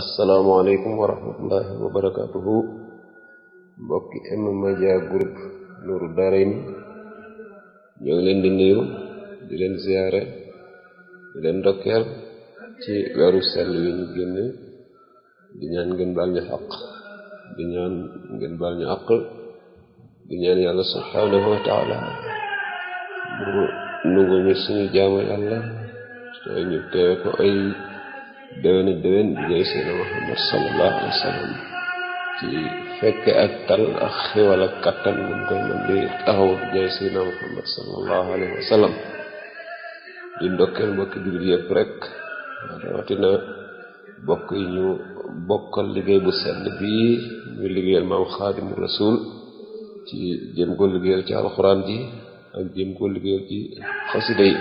asalaamaaleykum wa rahmatullahi wa barakaatuhu mbokki M Media Group Nourou Darayni ñoo leen di nuyu di leen ziyaare di leen ndokkeel ci weeru sell wi ñu génn di ñaan ngeen baal ñu xaq di ñaan ngeen baal ñu àq di ñaan yàlla subhaanahu wa taala mu nungu ñu suñu jaamu yàlla te ñu teewe ay déwéna déwén bi jëy seena Muhammad sallallahu alayhi wa ci fekke ak tal ak xéwal ak kattan buñ koy mën di taxaw bi jëy seena Muhammad sallallahu alayhi wa di ndokkeel mbokki jullit yëpp rek rawatina bokk yi ñu bokkal liggéey bu sell bii ñu liggéeyal maam xaadimu rasul ci jëm ko liggéeyal ci alxuraan ji ak jëm ko liggéeyal ci xasida yi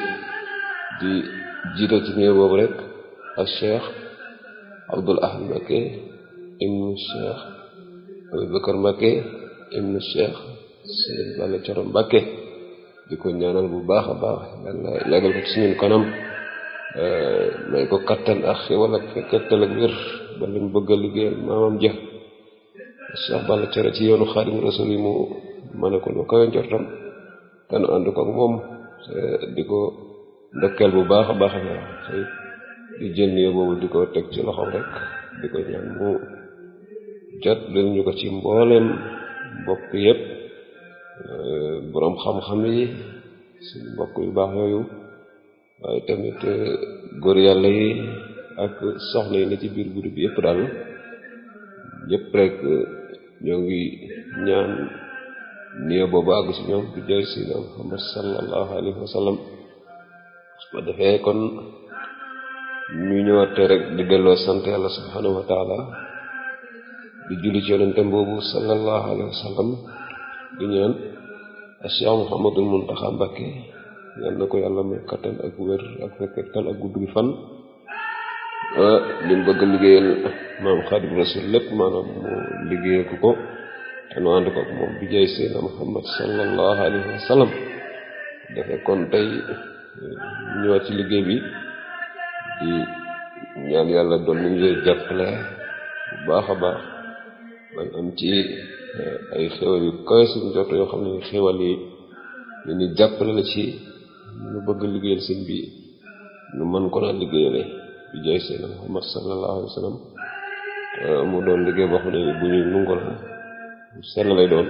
di jiital ci néew boobu rek a عبد الأحد مكي ابن الشيخ أبي بكر مكي Coro Mbàkke di ñaanal bu baax a baax yàlla yàggal ko suñu kanam may ko kattan ak xéwal ak kattan ak wér ba lim bëgg a liggéeyal maamam ja Cheikh Coro ci yoonu Xaadim Rasul yi mu mën ko lu kawe njortam te nu ànd ko moom di ndokkeel bu baax a baax a di jël nuyoo boobu di ko teg ci loxoom rek di ko ñaan mu jot lu ñu ko ci mbooleem mbokk yëpp euh, boroom xam-xam yi suñu mbokk yu baax yooyu waaye tamit euh, góor yàlla yi ak soxna yi ne ci biir groupe bi yépp daal yëpp rek euh, ñoo ngi ñaan nuyoo boobu àgg si ñoom di jaay Seydina Muhammad sallallahu alayhi wa su ko defee kon ñu ñëwaat rek di delloo sant yàlla subhanahu di julli ci yonentam boobu sallallahu alayhi wa sallam di ñaan Cheikh Mouhamadul Mountakha Mbacké yal ko yàlla may kattan ak wér ak fekke tan ak gudd fan li mu liggéeyal maam Xaadim Rasul lépp maanaam mu liggéeyal ko ko te nu ànd moom bi jaay Seydina Muhammad sallallahu alayhi wa sallam kon tey ñëwaat ci liggéey bi ñaan yàlla doon nañu leen jàppale bu baax a baax bañ am ci eh, ay xéwal yu kawe suñ jot yoo xam ne xéwal yi ñu ni jàppale la ci ñu bëgg liggéeyal seen bi ñu mën ko naa liggéeyale eh, mu doon liggéey boo xam ne bu ñuy nungu la bu sell lay doon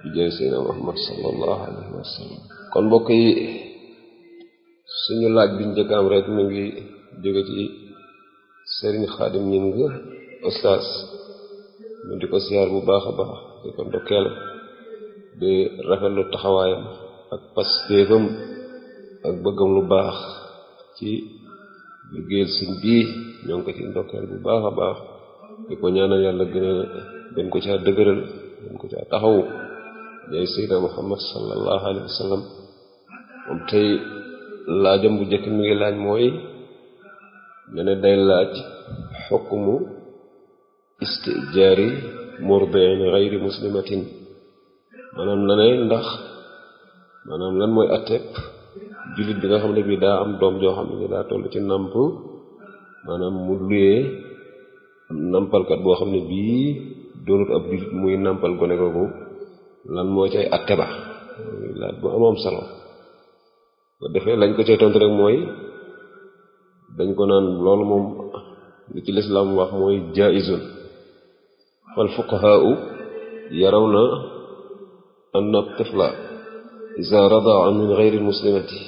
bi jaay seen Muhammad sallallahu alayhi wa sallam kon mbokk suñu laaj bi njëkk rek mu ngi jóge ci sëriñ xaadim ñing ostaas ñu di ko siyaar bu baax a baax di ko ndokkeel di rafetlu taxawaayam ak pastéefam ak bëggam lu baax ci liggéeyal sëñ bii ñoo ko ci ndokkeel bu baax a baax di ko ñaanal yàlla gën a gën ko caa dëgëral gën ko caa taxawu jay sayyidina muhammad sallallahu alayhi wa moom tey laajam bu njëkk mi ngi laaj mooy ñu ne day laaj xukmu istijaari murdiin gayri muslimatin maanaam la ndax maanaam lan mooy atteb jullit bi nga xam ne bii daa am doom joo xam ne bi daa ci nàmp maanaam mu luyee nampalkat boo xam ne bii doonut ab jullit muy nàmpal gone googu lan moo cay atte ba laaj bu amoon solo ba defee lañ ko cay tontu rek mooy dañ ko naan loolu moom li ci wax mooy jaizun wal fuqahaau yaraw na anna tifla iza radaa min gayri muslimati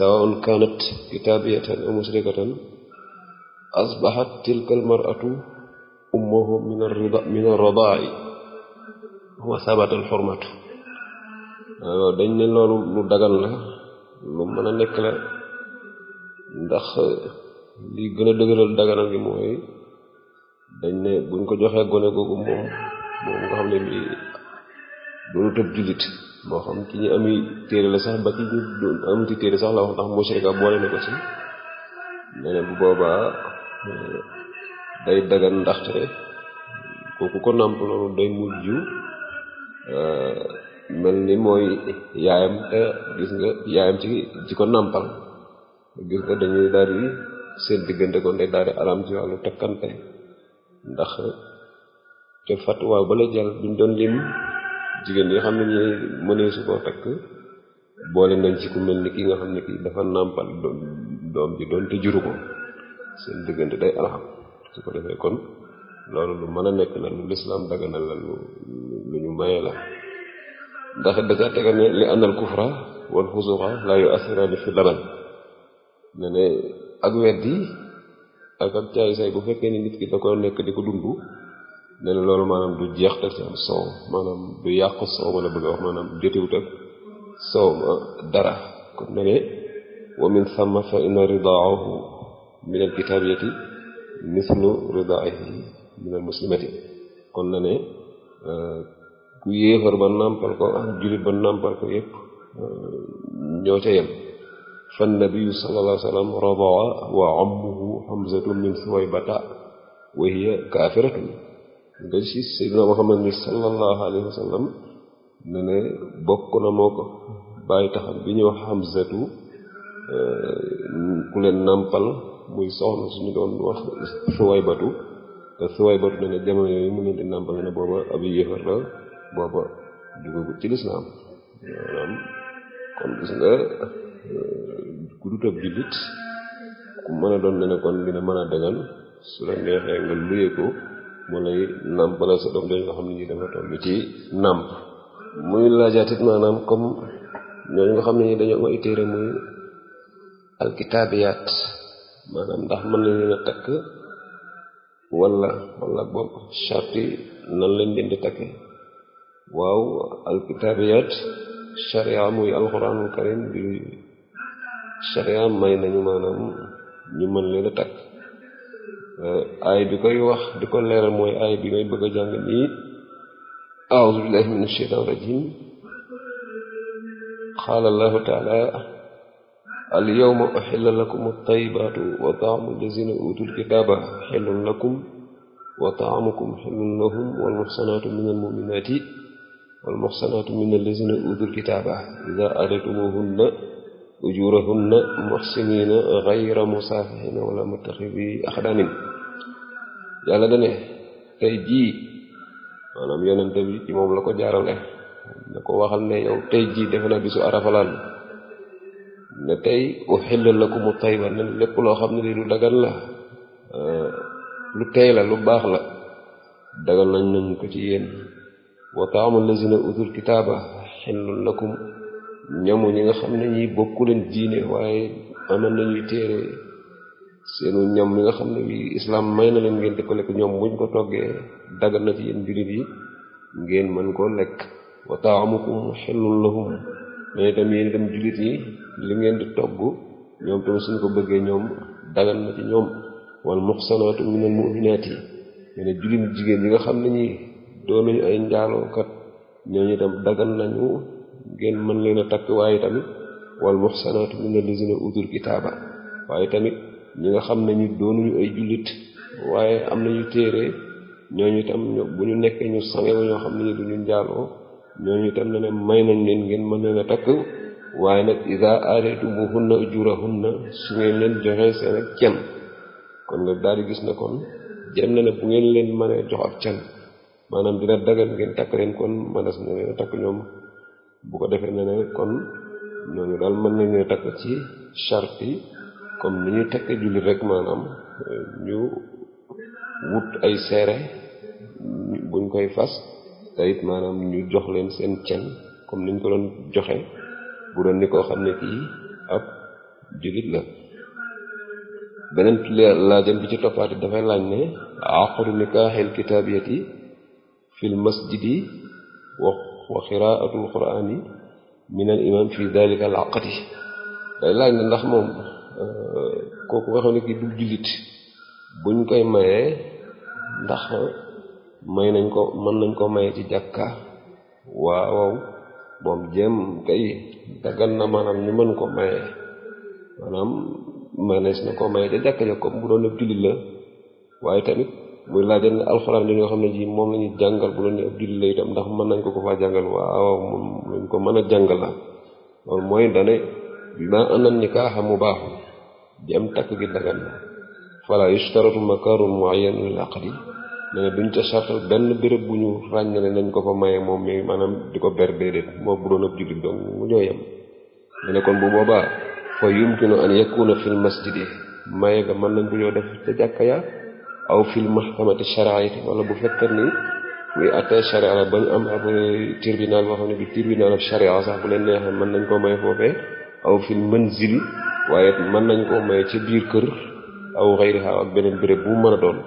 sawaun kanat kitaabiyatan aw mushrikatan asbaxat tilka almaratu ummuhu min arida min arradaai wa sabata alxurmatu dañ ne loolu lu dagan la lu mën a ndax li gën a dëgëral daganam gi mooy dañ ne buñ ko joxee gone googu moom moom nga xam ne bi doonu tëb jullit moo xam ci ñu ami téere la sax ba ci ñu doon téere sax la wax ndax mushrika boole ko ci bu boobaa day dagan ndaxte kooku ko nàmp noonu day mujj euh, mel ni mooy yaayam gis nga yaayam ci ci ko nàmpal gis nga dañuy daal di seen diggante kon day daal di aram ci wàllu takkante ndax te fatwa ba la jàll bi ñu doon lim jigéen yi xam ne ñu mënee su koo takk boole nañ ci ku mel ni kii nga xam ne kii dafa nàmpal doom doom bi doon te ko seen diggante day araam su ko defee kon loolu lu mën a nekk la lu lislaam daganal la lu ñu mayee la ndax da ca tega ne li annal kufra wal fusuqa la yu asirani fi laban ne ne ak weddi ak ak caay say bu fekkee ni nit ki da koy nekk di ko dund ne loolu maanaam du jeex te am soow maanaam du yàq soow ma la bëgg a wax maanaam jotewut soow ma dara kon ne ne wa min samma fa inna ridaahu min al muslimati kon na ku yéefar ba nàmpal ko ak jullit ba nàmpal ko yépp ñoo ca yem فالنبي صلى الله عليه وسلم رضع وعمه حمزة من ثويبة وهي كافرة nga ci Seydina Muhammad ni sallallahu alayhi wa sallam ne ne bokk na moo ko bàyyi taxam bi ñuy wax Hamzatu ku leen nàmpal muy soxna suñu doon wax Suwaybatu te Suwaybatu ne ne yooyu mu leen di nàmpal ne booba ab yéefar la booba dugagut ci lislaam maanaam kon gis nga ku dut ab jullit ku mën a doon ne kon dina mën a dagal su la xam ne ñi dafa toll ci nàmp muy laajaatit maanaam comme ñooñu nga xam ne ñi dañoo ay téere muy alkitaabiyaat maanaam ndax mën nañ leen takk wala wala boog charte nan lañ leen di takke waaw alkitaabiyaat charia muy alquranul karim bi sharia may nañu maanaam ñu mën leen a takk euh, aay bi koy wax di ko leeral mooy aay bi may bëgg a jàng nii aouzu billahi min asheytan rajim qaala allahu taala al yawma uxilla lakum at-tayyibatu wa taamu allazina utul kitaba xillun lakum wa taamukum xillun lahum walmuxsanaatu min almuminaati والمحصنات من الذين أوتوا الكتاب إذا آتيتموهن a muxsinina gayra musaafihina wala mutaxibi axdamin yàlla dane tey jii maanaam yonente bi ci moom la ko jaarale ne ko waxal ne yow tey jii defe na bisu arafalaan ne tey uxilla lakumu tayba ne lépp loo xam ne li lu dagan la euh, lu tey la lu baax la dagal nañ nañ ko ci yéen wa taamu lazina utul kitaaba xillun lakum ñoomu ñi nga xam ne ñi bokku leen diine waaye amoon nañuy téere seenu ñam mi nga xam ne bi islam may na leen ngeen di ko lekk ñoom buñ ko toggee dagal na ci yéen jullit yi ngeen mën koo lekk wa taamukum xellul lahum mais itam yéen itam jullit yi togg ñoom tamit suñ ko bëggee ñoom dagal na ci ñoom wal muxsanaatu minal jigéen ñi nga xam ne ñi doon nañu ay njaalookat ñooñu itam dagal nañu ngeen mën leen a takk waaye tamit wal muxsanaatu min allazina utul kitaaba waaye tamit ñi nga xam ne ñu ay jullit waaye am nañu téere ñooñu tam bu ñu nekkee ñu sangewu ñoo xam ne duñu njaaloo ñooñu tam ne ne may nañ leen ngeen mën leen a takk waaye nag ida aataytumuhunna ujurahunna su ngeen leen joxe seen ak can kon nga daal di gis na kon jëm na ne bu ngeen leen mën a jox ak can maanaam dina dagal ngeen takk leen kon mënees leen a takk ñoom bu ko defee ne ne kon ñooñu daal mën nañu takk ci charte yi comme ni ñu tekk jullit rek maanaam ñu wut ay seere buñ koy fas te it maanaam ñu jox leen seen cen comme niñ ko doon joxe bu doon ni koo xam ne kii ab jullit la beneen laajam bi ci toppaati dafay laaj ne àqdu nikaaxil kitaabiyati fil masjidi wa wa qiraatul quraani min al fi dalika al aqati day laaj na ndax moom euh, kooku nga xam ne kii du jullit buñ koy mayee ndax may nañ ko mën nañ koo maye ci jàkka waaw moom jëm kay daggan na maanaam ñu mën ko maye maanaam manees na ko maye ca jàkka ja comme bu doon ab jullit la waaye tamit muy laaj dañ ne alxuraan li xam ne ji moom la ñu jàngal bu doon ne ab jullit la itam ndax mën nañ ko ko faa jàngal waaw moom lañ ko mën a jàngal la loolu mooy dane ma anan nikaaxa mu baaxul di am takk gi dagan na fala yushtaratu makarun muayyan lil aqdi ne ne duñ ca sartal benn béréb bu ñu ràññale nañ ko fa maye moom mi maanaam di ko ber déedéet bu doon ab jullit donc mu ñoo yem ne ne kon bu boobaa fa yumkinu an yakuna fil masjidi maye ga mën nañ ko ñoo def ca jàkka ya aw fil mahkamati shariati wala bu fekkee ni muy attee la ba am ab eh, tribunal boo xam ne bi tribunal ab sharia sax bu leen neexee mën nañ koo may foofee aw man manzil waaye man nañ koo may ci biir kër aw xayriha ak béréb bu mën a doon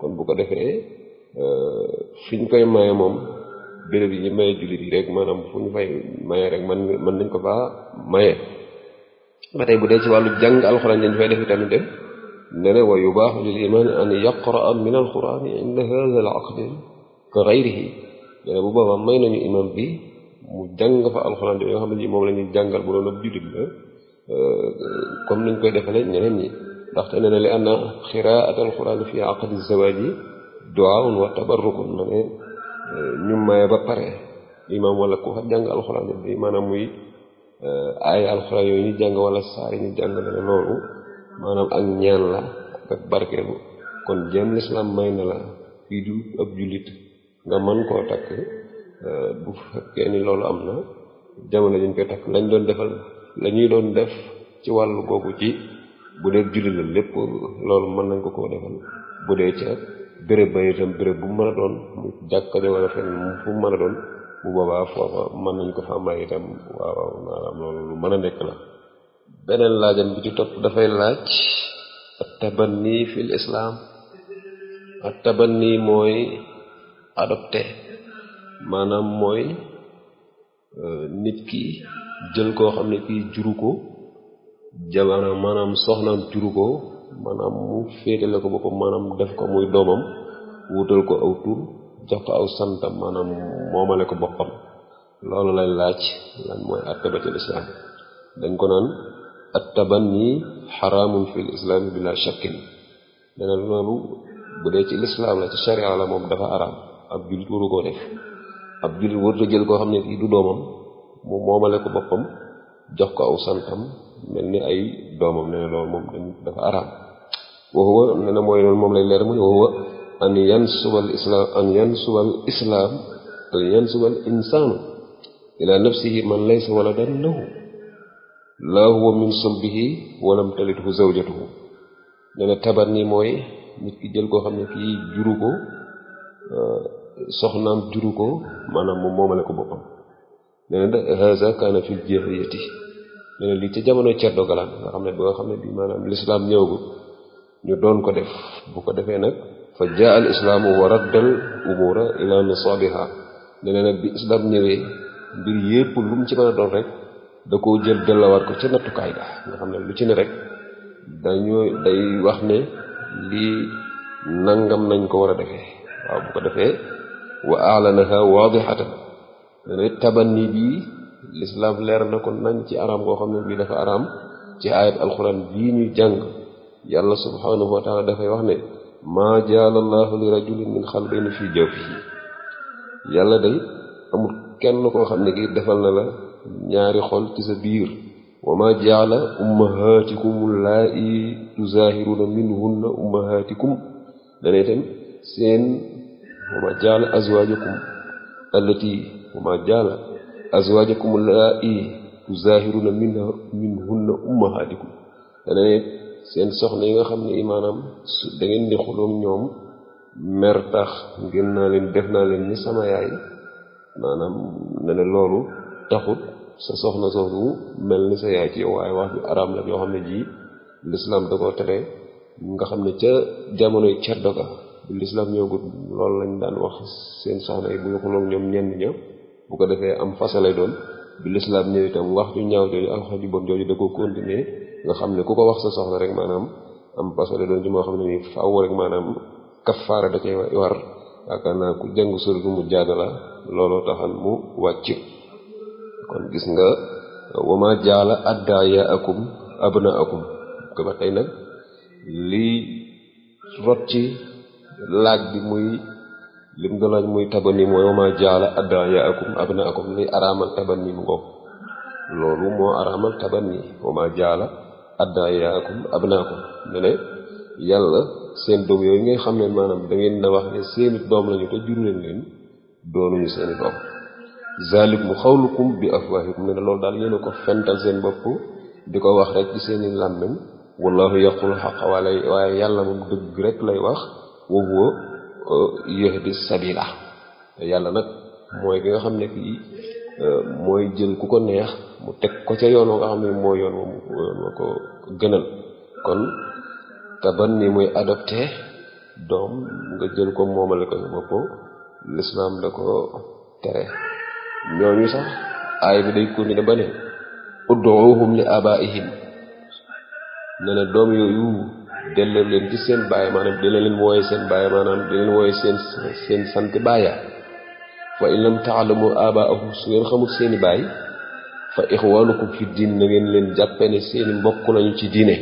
kon bu ko defee eh, fi ñu koy maye moom béréb ñu maye jullit ñu fay maye rek man mën nañ ko faa maye tey bu dee ci wàllu jàng alxuraan dañ fay def itamit de nee na wa yubaaxu lil imaam an yaqraa min alquraani inda haada al aqdi ka may nañu imaam bi mu jàng fa alxuraan yooyu nga xam ne moom la ñuy jàngal bu doon ab jullit la comme nañ koy defale ñeneen ñi ndaxte nee na li anna xiraat fi aqdi zawaaji duwaaun wa tabarrukun ne ne ñu maye ba pare imaam wala ku fa jàng alxuraan bi maanaam muy ay alxuraan yooyu ñu jàng wala saar yi ñu jàng maanaam ak ñaan la ak barkeelu kon jéem lislaam may na la fii du ab jullit nga mën koo takk euh, bu fekkee ni loolu am na jamono dañ ko takk lañ doon defal la doon def ci wàllu googu ci bu dee jullit la lépp loolu mën nañ ko koo defal bu dee ca béréb ba itam bërëb bu mën a doon mu jàkkale wala fenn fu mën a doon bu boobaa foofa mën nañ ko fa may itam waaw waaw maanaam loolu lu mën a nekk la beneen laajam bi ci topp dafay laaj tabanni fil islaam tabanni mooy adopté maanaam mooy euh, nit ki jël koo xam ne kii juru ko jabaana maanaam soxnaam juru ko maanaam mu féetale ko boppam maanaam def ko muy doomam wutal ko aw tur jox ko aw santam maanaam moomale ko boppam loolu lay laaj lan mooy atte ba dañ ko naan attabanni xaraamun fi lislaami bila shakkin dana loolu bu dee ci lislaam la ci sharia la moom dafa araam ab jullit waru koo def ab jullit warut a jël koo xam ne kii doomam mu moomale ko boppam jox ko aw santam mel ni ay doomam nee loolu moom tamit dafa araam wa huwa nee na moom lay leer mu ne wa huwa an yansubal islaam an yansubal islaam an yansubal man laysa waladan lahu laa huwa min sulbihi wala talithu zawjatuhu nee na tabar ni mooy nit ki jël koo xam ne kii juru ko euh, soxnaam juru ko maanaam moom moomale ko boppam nee na haza kaana fil jaahiliyati jamono ceddo galaan nga xam ne boo xam ne bi maanaam lislaam ñëwagul ñu doon ko def bu ko defee nag fa jaa al islaamu wa raddal umura ila nisaabiha nee na nag bi islaam ñëwee mbir yépp lu ci mën doon rek da ko jël delloowaat ko ca nattukaay ga nga xam ne lu ci ne rek dañoo day wax ne lii nangam nañ ko war a defe waaw bu ko defee wa alanaha waadixatan dana tabanni bii lislaam leer na ko nañ ci araam koo xam ne bii dafa araam ci ayat alquran bii ñuy jàng yàlla subhanahu wa dafay wax ne maa jaala allahu li rajulin min xalbayni fii jawfihi yàlla day amul kenn koo xam ne kii defal na la ñaari xol ci sa biir wa ma jaala ummahatikum allaa'i tuzaahiruna minhunna ummahatikum dana itam seen wa ma jaala azwaajakum allati wa ma jaala seen soxna yi nga xam ne i maanaam su di xuloom ñoom mer tax ngeen naa leen def naa leen ni sama yaay maanaam ne loolu taxut sa soxna soosu mel ni sa yaay ci yow waaye wax ju araam la yoo xam ne ji lislaam da ko tere nga xam ne ca jamonoy ceddo ga lislaam ñëwagut loolu lañ daan wax seen soxna yi bu ñu xuloog ñoom bu ko defee am fasa lay doon bi lislaam ñëw itam wax ju ñaaw jooju ak wax ju bon jooju da ko continuer nga xam ne ku ko wax sa soxna rek maanaam am fasa lay doon ci moo xam ne nii faaw rek maanaam kafaara da cay war yaakaar naa ku jàng suratu mu jàgg jaadala looloo taxal mu wàcc kon gis nga wama jaala addaaya akum abna akum ko ba nag lii rot ci laaj bi muy lim nga muy tabani mooy wama jaala addaaya akum abna akum lii araamal tabani mu ngoog loolu moo araamal tabani wama jaala addaaya akum abna akum ne ne yàlla seen doom yooyu ngay xam ne maanaam da ngeen na wax ne seeni doom lañu te jur leen doonuñu seeni doom zalikum xawlukum bi afwahikum ne loolu daal yéen a ko fental seen bopp di ko wax rek ci seeni làmmiñ wallahu yaqul xaq wala waaye yàlla moom dëgg rek lay wax wa huwa uh, yahdi sabila yàlla nag mooy ki nga xam ne kii uh, mooy jël ku ko neex mu teg ko ca yoonu wa nga xam ne mooy yoon wa yoon wa ko gënal kon taban ni muy adopté doom nga jël ko moomale ko sa bopp lislaam da ko tere ñooñu sax aay bi day continué ba ne udduuhum li abaihim ne na doom yooyu delloo leen ci seen baay maanaam dina leen wooye seen baay maanaam dina leen wooye seen seen sant baaya fa in lam taalamu su ngeen xamul seeni baay fa ixwanukum fi diin na leen jàppe ne seeni mbokk lañu ci diine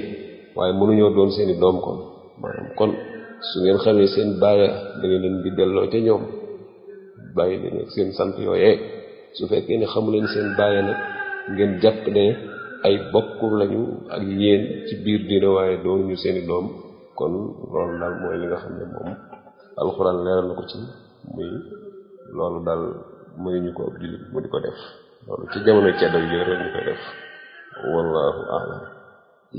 waaye mënuñoo doon seeni doom kon maanaam kon su ngeen xamee seen baay da ngeen leen di delloo ca ñoom bàyyi leen seen sant yooyee su fekkee ne xamu leen seen bàyyi nag ngeen jàpp ne ay bokk lañu ak yéen ci biir diine waaye doonuñu seeni doom kon loolu daal mooy li ko ci mu di ko def loolu ci jamono ceddo yooyu rek ñu koy def wallahu alam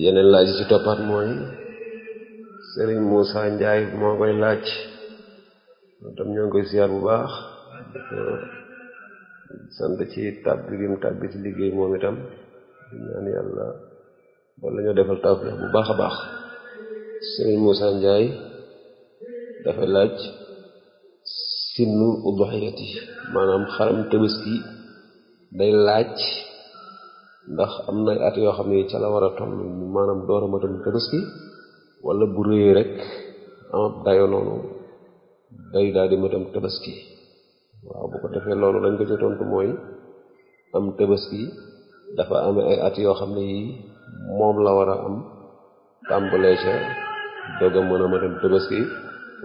yeneen laaj ci toppaat mooy Sëriñ Moussa Ndiaye moo koy laaj tam ñoo koy siyaar bu baax sant ci tàbbi gi mu tàbbi ci liggéey moom itam di ñaan yàlla wala ñoo defal tawfiq bu baax a baax sëriñ Moussa Ndiaye dafa laaj sinnu udhiyati maanaam xaram tabaski day laaj ndax am na at yoo xam ne ca la war a toll maanaam door a matal tabaski wala bu rëy rek am dayoo noonu day daal matam tabaski waaw bu ko defee loolu lañ ko ci tontu mooy am tabaski dafa am ay at yoo xam ne yii moom la war a am tàmbalee ca doga mën a matam tabaski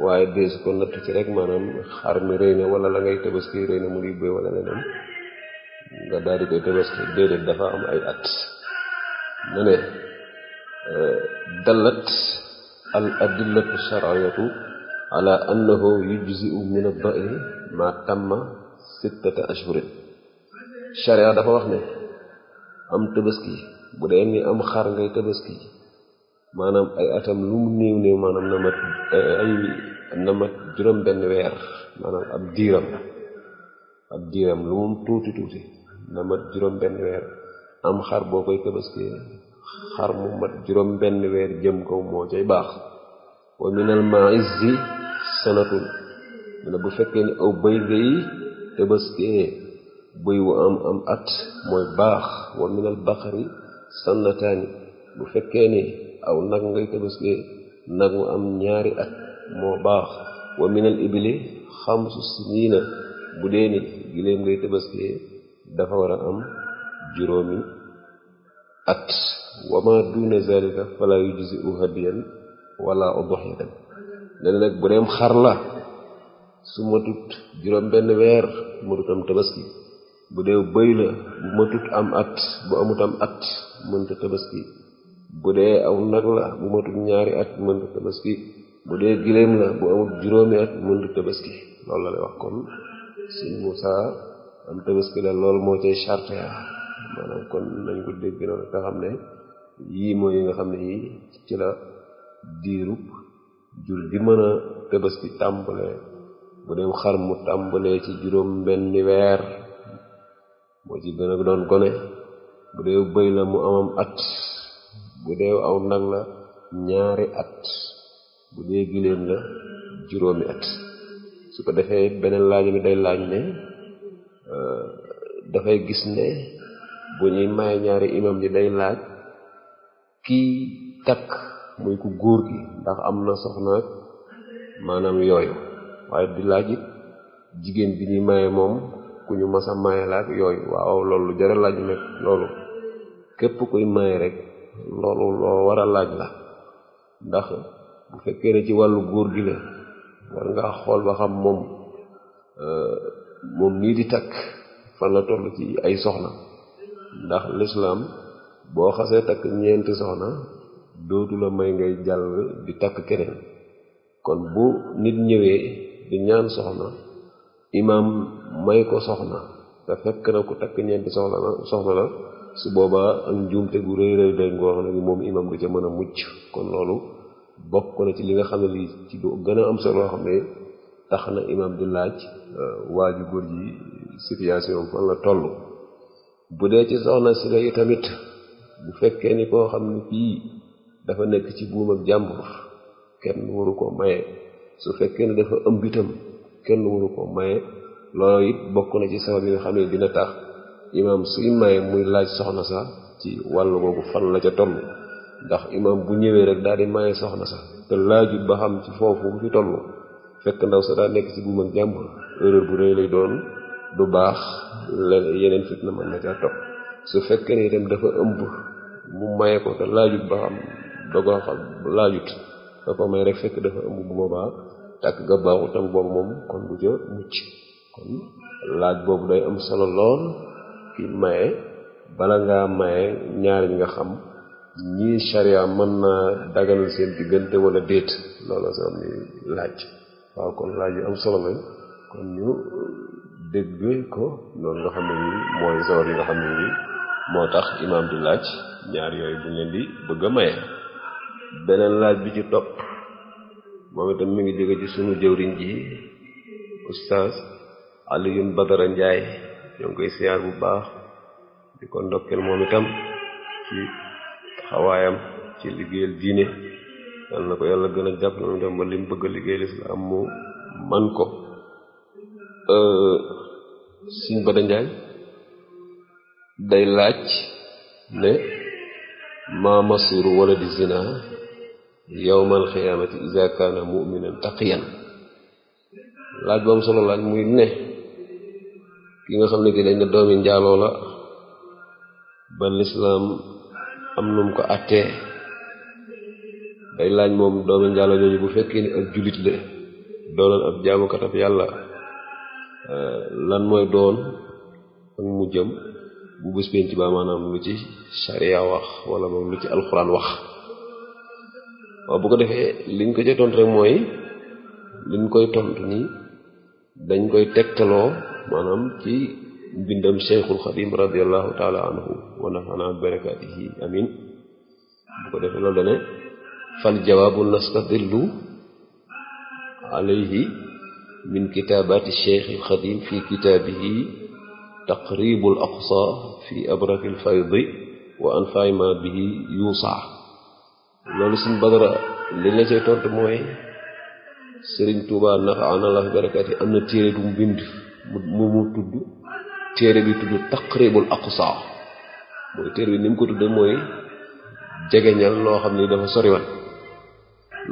waaye dees ko natt ci rek maanaam xar mi rëy na wala la ngay tabaski rëy na mu ngi bëy wala leneen nga daal di koy tabaski déedéet dafa am ay at na eh, dallat al adillatu shar'iyatu ala annahu yujziu min ad-da'i ma tamma sittata ashhurin sharia dafa wax ne am tabaski bu dee ni am xar ngay tabaski maanaam ay atam lu mu néew néew maanaam na mat juróom benn weer maanaam ab diiram ab diiram lu mu tuuti tuuti na mat juróom benn weer am xar boo koy tabaski xar mu mat juróom benn weer jëm kaw moo cay baax wa minal maizi sanatun bu fekkee ni aw bëy ngay tëbaskee bëy wu am am at mooy baax wa minal baqari sannataani bu fekkee ni aw nag ngay tëbaskee nag mu am ñaari at moo baax wa minal ibili xamsu siniina bu dee ni giléem ngay tëbaskee dafa war a am juróomi at wa ma duna zalika fala yujzi hadiyan wala udhiyatan ne nag bu deem xar la su matut juróom benn weer bu matut am tabaski bu dee bëy la bu matut am at bu amut am at mënta tabaski bu dee aw nag la bu matut ñaari bu dee giléem la bu amut juróomi at mënta tabaski loolu la lay wax kon sëñ Moussa am tabaski la loolu moo cay charte ya maanaam kon nañ ko dégg noonu nga xam ne yii mooy nga xam ne yii ci la diirub jur bi mën a tabaski tàmbale bu dem xar mu tàmbalee ci juróom benni weer moo ci gën a doon gone bu dee bëy la mu amam at bu dee aw nag la ñaari at bu dee giléem la juróomi at su ko defee beneen laaj day laaj ne euh, dafay gis ne bu ñuy maye ñaari imam ji day laaj kii takk muy ku góor gi ndax am na soxna maanaam yooyu waaye di laaj it jigéen bi ñuy maye moom ku ñu mas a maye la yooyu waaw loolu lu jar laaj nag loolu képp kuy maye rek loolu loo laaj la ndax bu fekkee ne ci wàllu góor gi la war nga xool ba xam moom euh, moom nii di takk fan la toll ci ay soxna ndax lislaam boo xasee takk ñeenti soxna dootu la may ngay jàll di takk keneen kon bu nit ñëwee di ñaan soxna imaam may ko soxna te fekk na ku takk ñeenti soxna la soxna la su boobaa ak njuumte gu rëy rëy day ngoo xam ne moom imaam du ca mën a mucc kon loolu bokk na ci li nga xam ne lii ci du gën a am solo loo xam ne tax na imaam di laaj euh, waaju góor ji situation fan la toll bu dee ci soxna si la tamit bu fekkee ni koo xam ne kii dafa nekk ci buum ak jàmbur kenn waru ko maye su fekkee ne dafa ëmb itam kenn waru ko maye loolu na ci sabab yi nga xam ne dina tax muy laaj soxna sa wàll googu fan la ca ndax imaam bu ñëwee rek daal di maye te laajut ba xam foofu bu fekk ndaw sa daa nekk ci bu rëy lay doon du baax la yeneen fitna su fekkee ne dafa ëmb mu maye ko te laajut ba xam doo ko xam laajut dafa may rek fekk dafa ëmb bu boobaa tàkk ga baaxut tam boobu moom kon du ca mucc kon laaj boobu day am solo lool ci maye bala ngaa maye ñaar ñi nga xam ñii charia mën naa daganal seen diggante wala déet loolu sa am ni laaj waaw kon laaj yu am solo la kon ñu dégg ko noonu nga xam ne ni mooy sawar yi nga xam ne ni moo tax imaam di laaj ñaar yooyu bu ngeen di bëgg maye beneen laaj bi ci topp moom itam mi ngi jóge ci sunu jëwriñ ji oustaz Alioune Badara Ndiaye ñoo ngi koy siyaar bu baax di ko ndokkeel moom itam ci taxawaayam ci liggéeyal diine yal na ko yàlla gën a jàpp moom itam ba li mu bëgg a liggéeyal islaam mu man ko sëñ Badara Ndiaye day laaj ne maama suuru di zina yowma alxiyaamati ida kaana muminan taqiyan laaj boobu solo laaj muy ne ki nga xam ne ki dañ ne doomi njaaloo la ba lislaam am num ko attee day laaj moom doomi njaaloo jooju bu fekkee ni ak julit la doonoon ab jaamukatab yàlla eh, lan mooy doon ak mu jëm bu bés penc ba maanaam lu ci sariya wax wala moom lu ci alxuraan wax waaw bu ko defee liñ ko ca tontu mooy liñ koy tontu nii dañ koy tegtaloo maanaam ci mbindam cheikhul xadim radiallahu taala anhu wa nafana barakaatihi amin bu ko defee loolu dane fal jawaabu nastadillu min kitaabaati cheikhul xadim fi kitaabihi taqribul aqsa fi abraki lfaydi ma bihi yuusaa loolu suñ badara liñ la cay tontu mooy sëriñ Touba nax anallah fi barakaati am na téere bu mu bind mu mu tudd téere bi tudd taqribul aqsa mooy téere bi ni mu ko tudde mooy jegeñal loo xam ne dafa soriwat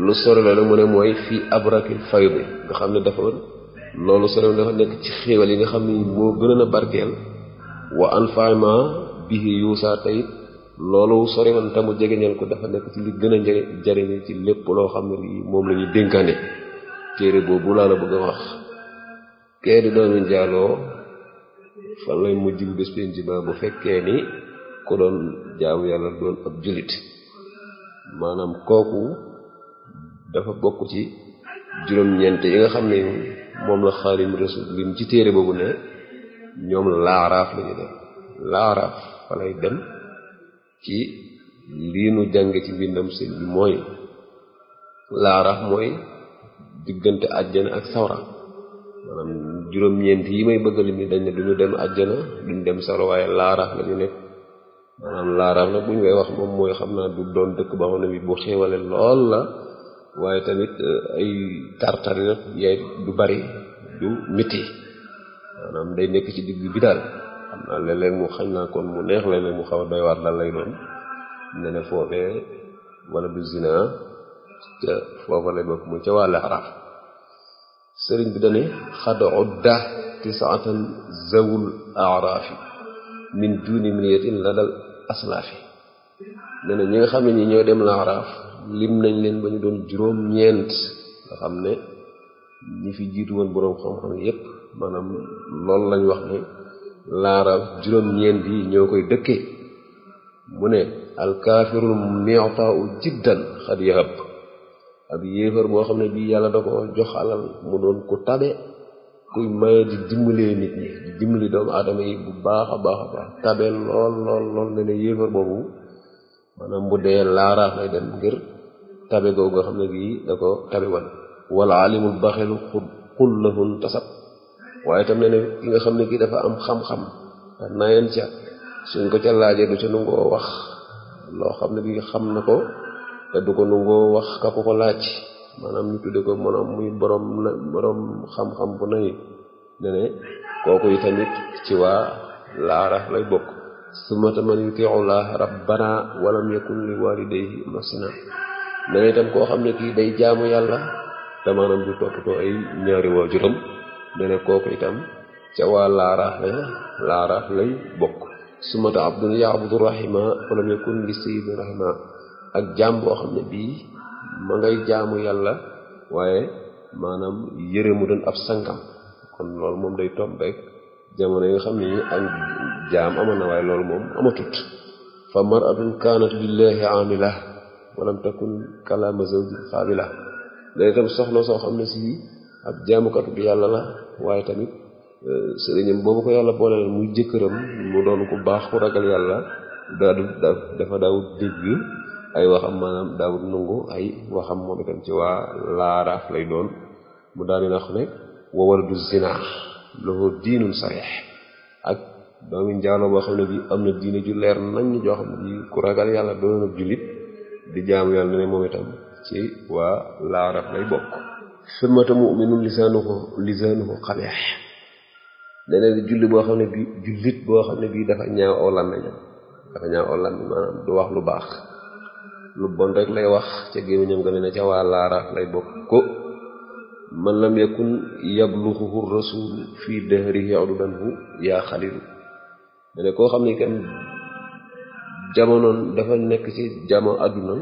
lu soriwat nag mu ne mooy fii abrakil fay bi nga xam ne dafa loolu soriwat dafa nekk ci xéewal yi nga xam ne moo gënoon a barkeel wa anfaama bihi yuusaa tayit loolu soriwoon jege jegeñal ko dafa nekk ci li gën a jariñ ci lépp loo xam ne lii moom la ñuy dénkaane téere boobu laa la bëgg a wax kee di doomi njaaloo fan lay mujj bu bés ba bu fekkee ni ku doon jaamu yàlla doon ab jullit maanaam kooku dafa bokk ci juróom-ñeent yi nga xam ne moom la xaalim rasul lim ci téere boobu ne ñoom laaraaf la ñu def laaraaf fa lay dem ci lii nu jànge ci mbindam sëñ mooy laaraaf mooy diggante àjjana ak sawra maanaam juróom-ñeent yi may bëgg lim ni dañ ne duñu dem àjjana duñ dem sawra waaye laaraaf la ñu nekk maanaam laaraaf nag bu ñu koy wax moom mooy xam naa du doon dëkk ba xam ne bi bu xéewale lool la waaye tamit eh, ay tartari nag yaay du bari du miti maanaam day nekk ci digg bi daal xam naa léeg-léeg mu xañ naa kon mu xaw a doy waar lan lay doon ne ne foofee wala du zina ca foofa lay bokk muy ca waa laxraaf sëriñ bi dane xad udda tisaatan zawul araafi min duni miniyatin la dal aslaafi ne ne ñi nga xam ne ñi ñoo dem laxraaf leen ba ñu doon juróom ñeent nga xam ne ñi fi jiitu woon boroom xam-xam yépp maanaam loolu lañ wax ne laara juróom-ñeent yi ñoo koy dëkke mu ne alkaafirul mi'ta'u jiddan xad yahab ab yéefar boo xam ne bii yàlla da ko jox alal mu doon ku tabe kuy maye di dimbalee nit ñi di dimbali doomu yi bu baax a baax a baax tabe lool lool lool ne ne yéefar boobu maanaam bu dee laaraaf lay dem ngir tabe googu xam ne gii da ko tabe wan wal alimul baxilu xul lahun tasab waaye tam nee na ki nga xam ne kii dafa am xam-xam ndax naayan ca suñ ko ca laaja du ca nungoo wax loo xam ne bi xam na ko te du ko wax ka ko laaj maanaam ñu tudde ko maanaam muy borom na borom xam-xam bu nay ne ne lay bokk summa taman yutiu la rabbana walam yakun li ne ne koo xam ne kii day jaamu yàlla te maanaam du toppatoo ay ñaari waajuram mu ne kooku itam ca waa laaraaf la laaraaf lay bokk sumata abdun yaabudu rahima wala yakun li sayidin rahima ak jaam boo xam ne bii ma ngay jaamu yàlla waaye maanaam yëre mu doon ab sangam kon loolu moom day tombeek jamono yi xam ne ñi ak jaam amoon na waaye loolu moom amatut fa maratun kaanat lillahi amila walam takun kalama zawjin xaabila da itam soxna soo xam ne si ab jaamukatu bi yàlla la waaye tamit e, sëriñam boobu ko yàlla boole la muy jëkkëram mu doon ku baax ku ragal yàlla daadu dafa daawut dégg ay waxam maanaam daawut nangu ay waxam moom itam ci waa laaraaf lay doon mu daal di wax ne wa waladu zinaa lahu xam ne bi am na diine leer nañ joo ku ragal yàlla doon ab di jaamu moom itam ci waa laaraaf lay bokk summata mu'minun lisaanuhu lisaanuhu xabeex nee na julli boo xam ne bii jullit boo xam ne bii dafa ñaaw aw làmmiñam dafa ñaaw aw làmmiñ maanaam lu baax lu bon rek lay wax ca gémmiñam nga ne ne ca waa laaraat koo xam ne dafa nekk ci jamono àdduna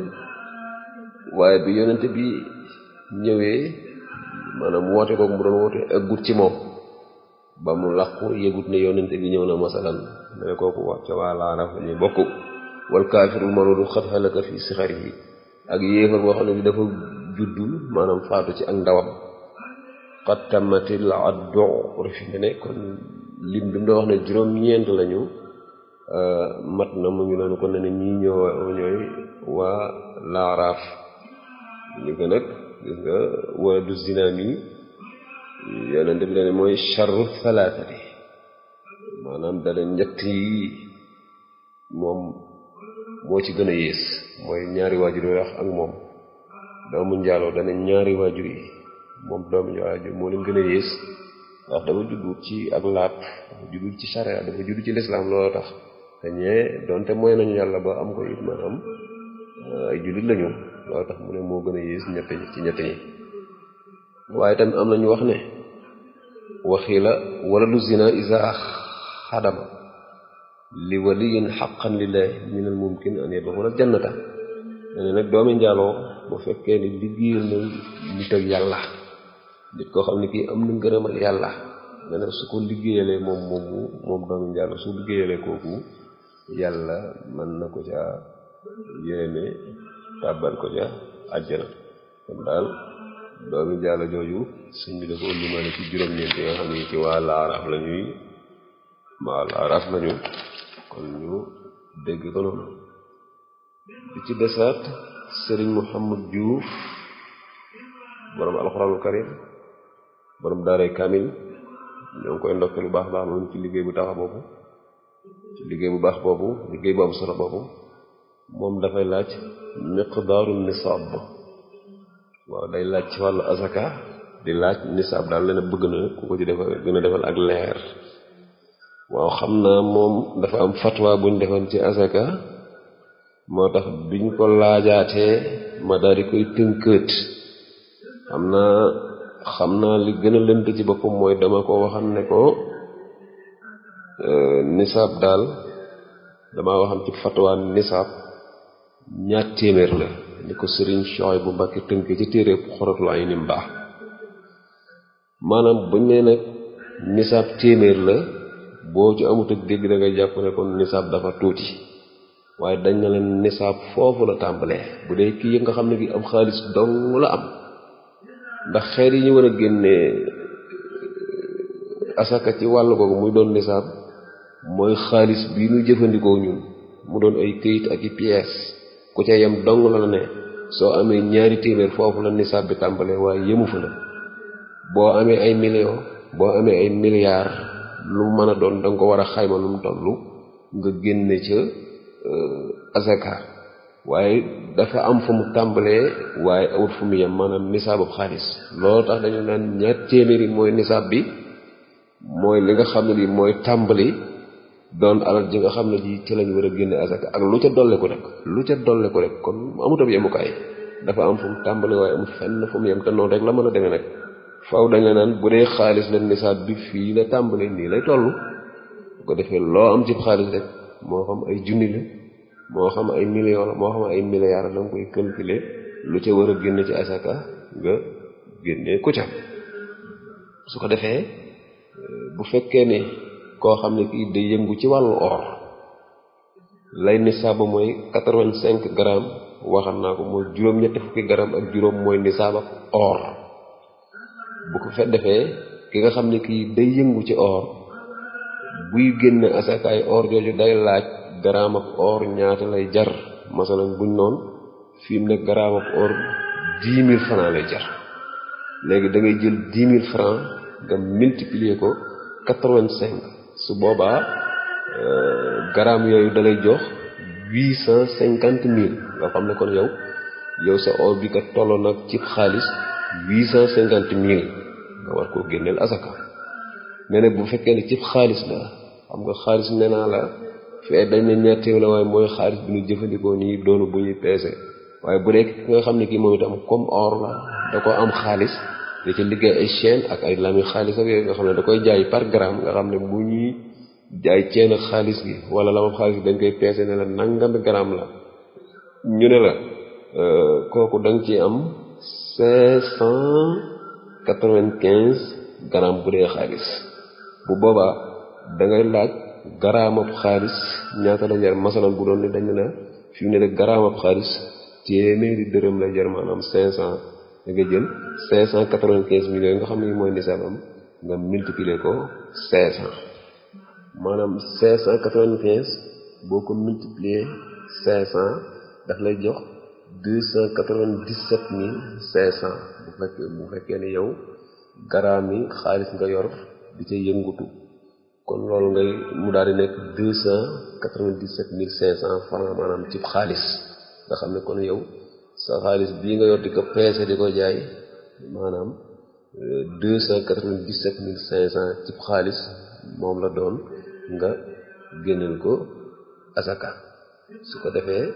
waaye bi yonente bi ñëwee maanaam woote kooku mu doon woote ak gut ci moom ba mu làqu yëgut ne yonente bi ñëw na masalan ne kooku wax ca waa laaraf la ñuy bokk wal kaafirul marudu xat xalaka fi sixarihi ak yéefar boo xam ne bi dafa juddu maanaam faatu ci ak ndawam xat tamatil addu refi ne ne kon lim bi mu doon wax ne juróom-ñeent euh, mat na mu ngi noonu kon ne ne ñii ñoo ñooy waa laaraaf li ko nag gis nga waladu zina mi yonent bi dane mooy charru thalathati maanaam dana ñett yi moom moo ci gën a yées mooy ñaari waajur yi wax ak moom doomu njaaloo dana ñaari waajur yi moom moo leen gën a yées ndax dafa juddut ci ak laap dafa juddut ci charia dafa judd ci lislaam loolu tax te ñee mooy nañu yàlla ba am ko it maanaam ay jullit lañu loolu tax mu ne moo gën a yées ñett ñi ci ñett ñi waaye tamit am na ñu wax ne waxi la wala lu zina isa xadama li waliyin xaqan lillahi min al mumkin an yadxula doomi njaaloo bu fekkee ne liggéeyal na nit ak yàlla nit koo xam ne kii am na ngërëmal yàlla ne ne su ko liggéeyalee moom moomu moom doomi njaaloo su liggéeyalee kooku yàlla mën na ko ca yéene tàbbal ko ja àjjana kon daal doomi jaalo jooju sëñ bi dafa ëllimaale ci juróom-ñeent yoo xam ne ci waa laaraf la ñuy waa laaraf lañu kon ñu dégg ko noonu di ci desaat sëriñ Mouhamad Diouf borom alxuraanul karim borom daaray kamil ñoo ngi koy ndokke lu baax baax moom ci liggéey bu taxa boobu ci liggéey bu baax boobu liggéey bu am solo moom dafay laaj miqdaaru nisaab ba waaw day laaj ci wàllu asaka di laaj nisaab daal leen bëgg na ku ko ci defal gën ak leer waaw xam naa moom dafa am fatwa buñ defoon ci asaka moo tax biñ ko laajaatee ma daal di koy tënkët xam naa xam naa li gën a lënt ci boppam mooy dama ko waxam ne ko euh, nisaab daal dama waxam ci fatwa nisaab ñaar téeméer la ni ko sëriñ Sooy bu Mbàkke tënk ci téere xoratul ay ni mbaax maanaam buñ nee nag nisaab téeméer la boo ci amut ak dégg da jàpp ne kon nisaab dafa tuuti waaye dañ na leen nisaab foofu la tàmbalee bu dee kii nga xam ne bi am xaalis dong la am ndax xeet yi ñu war a génnee eh, asaka ci wàll googu muy doon nisaab mooy xaalis bi ñu jëfandikoo ñun mu doon ay këyit ak i pièces ku ca yem dong la la ne soo amee ñaari téeméer foofu la nisaab bi tàmbalee waaye yemu fa la boo amee ay millions boo amee ay milliards lu mën a doon da ko war a xayma lu mu tollu nga génne ca euh, azaka waaye dafa am fu mu tàmbalee waaye awut fu mu yem maanaam nisaabab xaalis loolu tax dañu naan ñaar téeméer yi mooy nisaab bi mooy li nga xam ne li mooy tàmbali doon alal ji nga xam ne ji ci lañ war a génne asaka ak lu ca dolle ko rek lu ca dolle ko rek kon amut ab yemukaay dafa am fu mu tàmbali waaye amut fenn fu yem te noonu rek la mën a demee nag faw dañ la naan bu dee xaalis la nisaab bi fii la tàmbali nii lay toll bu ko defee loo am ci xaalis rek moo xam ay junni la xam ay millions la moo xam ay milliards la nga koy calculer lu ca war a génne ci asaka nga génne su ko defee bu fekkee ne koo xam ne kii day yëngu ci wàllu or lay nisaaba mooy quatre-vingt-cinq grammes waxam ko mooy juróom-ñetti fukki grammes ak juróom mooy nisaaba or bu ko fe defee ki nga xam ne kii day yëngu ci or buy génn asakaay or jooju day laaj gramme ak or ñaata lay jar masalan buñ noonu fi mu ne gramme ak or dix mille francs lay jar léegi da jël dix mille francs nga multiplier ko quatre-vingt-cinq su boobaa euh, garaam yooyu dalay jox huit cent cinquante mille nga xam ne kon yow yow sa or bi kat tolloo nag ci xaalis huit cent cinquante mille nga war koo génneel asaka nee bu fekkee ne ci xaalis la xam nga xaalis nee naa la fee dañ ne ñetteew la waaye mooy xaalis bi ñu jëfandikoo nii doonu bu ñuy peese waaye bu dee ki nga xam ne kii moom itam comme or la da ko am xaalis da ci liggéey ay chaîne ak ay lami xaalis ak da koy jaay par gramme nga xam ne bu ñuy jaay chaîne ak xaalis gi wala lamam xaalis dañ koy peese ne la nangami gramme la ñu ne la euh, kooku da nga ci am cinq cent quatre gramme bu dee xaalis bu boobaa da ngay laaj gramme ab xaalis ñaata la jar masalan bu doon ne dañ la fi mu ne la gramme ab xaalis téeméeri dërëm la jar maanaam cinq cent da nga jël cinq cent quatre vingt quinze millions xam ne mooy nisaabam nga multiplier ko cinq cent maanaam cinq cent boo ko multiplier cinq cent daf lay jox deux cent quatre vingt dix sept mille bu fekkee ne yow garaam yi xaalis nga yor di ca yëngutu kon loolu ngay mu daal di nekk deux cent quatre vingt dix maanaam ci xaalis nga xam ne kon yow sa xaalis bii nga yor di ko peese di ko jaay maanaam euh, deux cent quatre-vingt-dix-sept mille cinq cent ci xaalis moom la doon nga génneel ko asaka su ko defee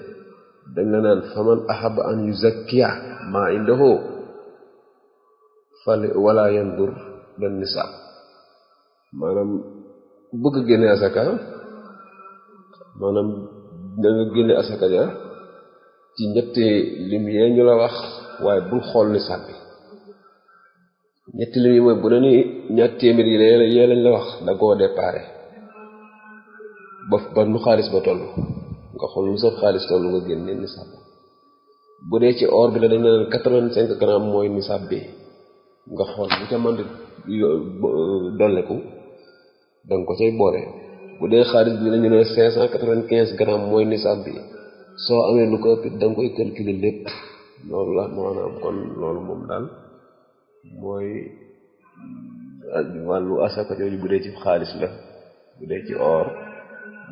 dañ la naan faman ahaba an yuzakkiya maa indahu fal wala yandur dan nisaab maanaam bëgg génne asaka maanaam da génne asaka ja ci ñetti lim yee ñu la wax waaye bul xool nisaab bi ñetti lim yi mooy bu dee ni ñaar téeméer yi la la wax da koo déparé ba ba nu xaalis ba toll nga xool nu sa xaalis toll nga génne nisaab bu dee ci or bi la dañ naan quatre-vingt-cinq grammes mooy nisaab bi nga xool bu ca mën di dolleku da ko cay boole bu dee xaalis bi la ñu ne cinq cent quatre-vingt-quinze grammes mooy nisaab bi soo amee lu ko ëpp da nga koy calculer lépp loolu la maanaam kon loolu moom daal mooy wàllu asaka jooju bu dee ci xaalis la bu dee ci or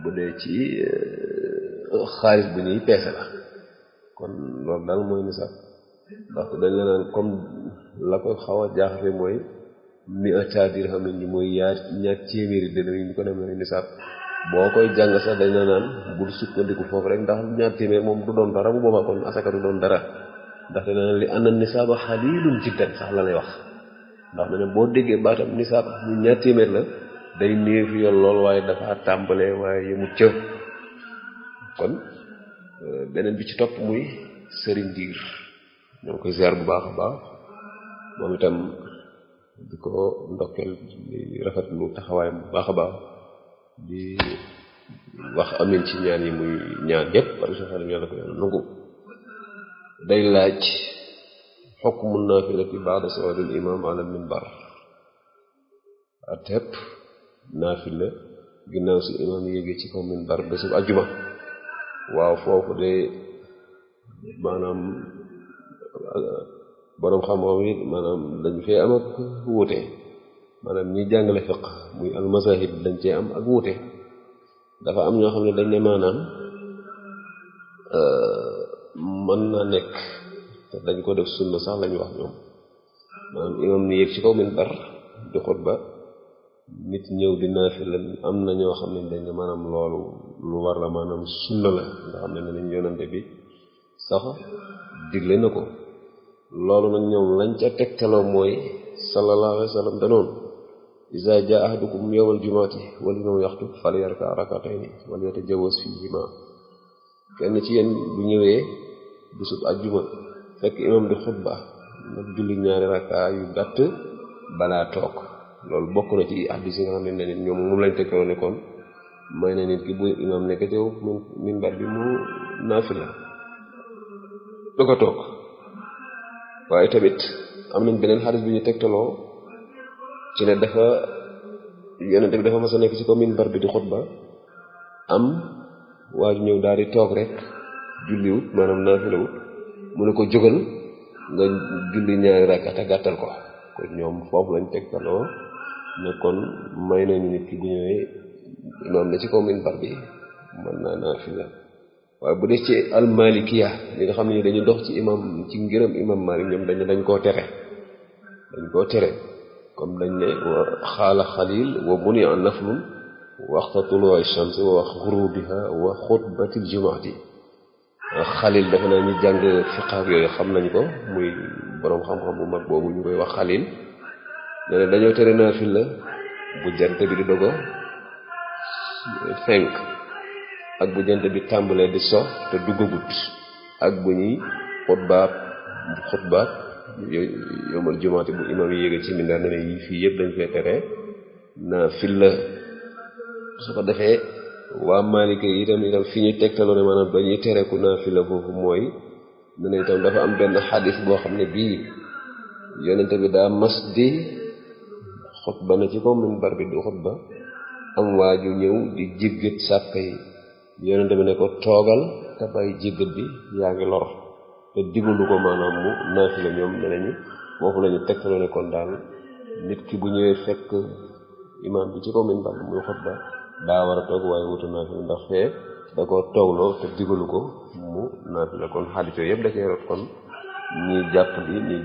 bu dee ci euh, xaalis bu ñuy peese la kon loolu daal mooy ni sax ndax dañ la naan comme la ko xaw a jaaxle mooy mi ataa dirham ni mooy yaar ñaar téeméeri dërëm yi ñu ko demee nisaab boo koy jàng sax dañ na naan bul sukkandiku foofu rek ndax ñaar téeméer moom du doon dara bu boobaa kon asaka du doon dara ndax dañ naan li anna nisaaba xalilun jiddan sax la lay wax ndax na boo déggee baatam nisaab ñu téeméer la day néew lool waaye dafa tàmbalee waaye yëmut cëw kon euh, beneen bi ci topp muy bu baax a baax moom itam di ko ndokkeel rafet lu taxawaayam baax a baax di wax amin ci ñaan yi muy ñaan yépp parce que xanaa yàlla ko yàlla nangu day laaj xukmu naafilati baada sawaadil imaam ala minbar atep naafila ginnaaw su imaam yéegee ci kaw minbar bésub ajjuma waaw foofu de maanaam borom xam-xam yi maanaam dañu fee am ak maanaam ñi jàngale fiq muy almasahib dañ cee am ak wuute dafa am ñoo xam ne dañ ne maanaam euh, mën naa nekk te dañ ko def sunna sax lañu wax ñoom maanaam imam ni yéeg ci kaw min bar di xutba nit ñëw di naafila am na ñoo xam ne dañ ne maanaam loolu lu war la maanaam sunna la nga xam ne nañ yonante bi sax digle na ko loolu nag ñoom lañ ca tegtaloo mooy sallallahu alayhi wa iza jaa ahadukum yawmal jumaati wal imaam yaxtub falyarka rakatayni wal yatajawwaz fiihima kenn ci yéen bu ñëwee bisub julli ñaari rakka yu gàtt balaa toog loolu bokk na ci hadiis yi nga xam ne nit ñoom moom lañ tekkoo ne kon may na nit ki bu imam nekk mu naafila du toog waaye tamit am nañ beneen hadiis bi ñu tegtaloo ci ne dafa yonent bi dafa mas a nekk ci commune bar di xutba am waa ju ñëw daal di toog rek julliwut maanaam naafilawut mu ne ko jógal nga julli ñaari rakata gàttal ko kon ñoom foofu lañ teg taloo ne kon may nañu nit ki bu imaam na ci commune bar bi naa naafila waaye bu dee ci almalikiya li nga xam ne dañu dox ci imam ci ngiram imam malik ñoom dañ dañ koo tere dañ koo tere comme dañ ne xaala xalil wa muni an naflun waxta tuluwaay shams wa xurubiha wa xutbatil jumaati xalil dafa naa ñu jàng fiqaar yooyu xam nañ ko muy boroom xam-xam bu mag boobu ñu koy wax xalil nee na dañoo tere naafil la bu jant bi di dogo fenk ak bu jant bi tàmbalee di so te duggagut ak bu ñuy xutbaab xutbaab yowmal jumaate bu imam yi yéegee ci mindaar ne ne fii yëpp dañ koy tere na filla su ko defee waa Maalika yi itam itam fi ñuy tegtaloo ne maanaam ba ñuy tere ku naafila foofu mooy ne ne itam dafa am benn xadis boo xam ne bii yonente bi daa mas di xutba na ci kaw minbar bi du xutba am waaju ñëw di jéggat sàppe yi yonente bi ne ko toogal te bàyyi jéggat bi yaa ngi lor te digulu ko maanaam mu naafi la ñoom ne nañu foofu la ñu tegtaloo ne kon daal nit ki bu ñëwee fekk imaam bi ci kaw min bàgg muy daa war a toog waaye wutu naafi la ndax fee da ko toogloo te digalu ko mu naafi la kon xaalis yooyu yëpp da cee rot kon ñiy jàpp li ñiy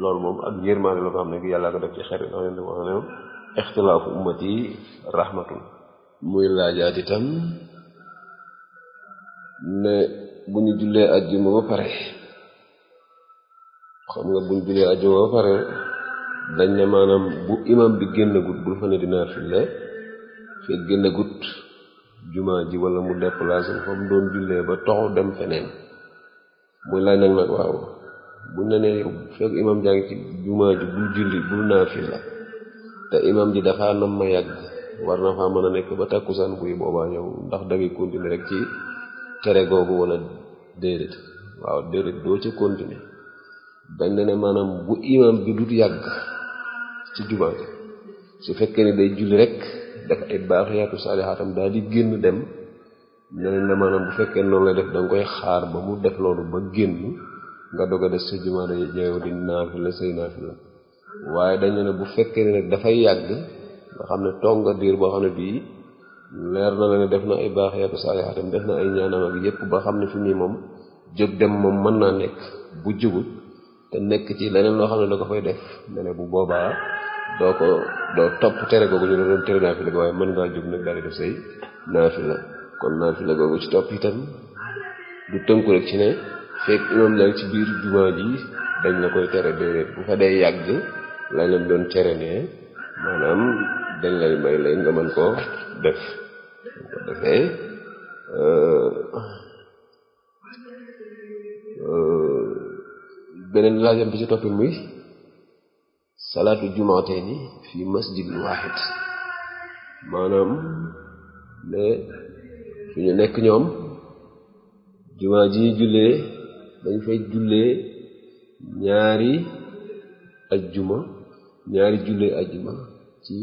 loolu moom ak yërmaane la moom ixtilaafu ummati rahmatun muy laajaat itam ne bu ñu jullee ajjuma ba pare xam nga bu ñu jullee ajjuma ba pare dañ ne maanaam bu imam bi génnagut bul fa ne dinaa file fekk génnagut jumaa ji wala mu déplacé fa mu doon jullee ba tox dem feneen muy laaj nag nag waaw bu ne ne yow fekk imam jaa ngi ci jumaa ji bul julli bul naa fila te imam ji dafa nam ma yàgg war na faa mën a nekk ba takkusaan buy boobaa yow ndax da ngay ci tere googu wala déedéet waaw déedéet doo ca continuer bañ na ne maanaam bu imam bi dut yàgg ci jumaa su fekkee ne day julli rek def ay baaxiyaatu saalihaatam daal di génn dem ñeneen la maanaam bu fekkee noonu lay def da nga koy xaar ba mu def loolu ba génn nga doog a des sa jumaa da yow di naafila say naafila waaye dañu ne bu fekkee ne nag dafay yàgg nga xam ne toog diir boo xam ne bii leer na la ne def na ay baax baaxiyaatu saalihaatam def na ay ñaanam ak yépp ba xam ne fi muy moom jóg dem moom mën naa nekk bu jubut te nekk ci leneen loo xam ne da ko koy def ne bu boobaa doo ko doo topp tere googu ñu la doon tere naafila waaye mën ngaa jóg nag daal di def kon naafila topp itam du tënku rek ci ne fekk imam daal ci biir jumaa ji dañ la koy tere déedéet bu fa dee yàgg lañ leen doon tere ne maanaam dañ lay may lay nga mën koo def bu ko defee beneen laajam bi ci toppi muy salaatu jumaatee ni fii masjid waaxid maanaam ne fi ñu nekk ñoom jumaa ji jullee dañ fay jullee ñaari ajjuma ñaari jullee ajjuma ci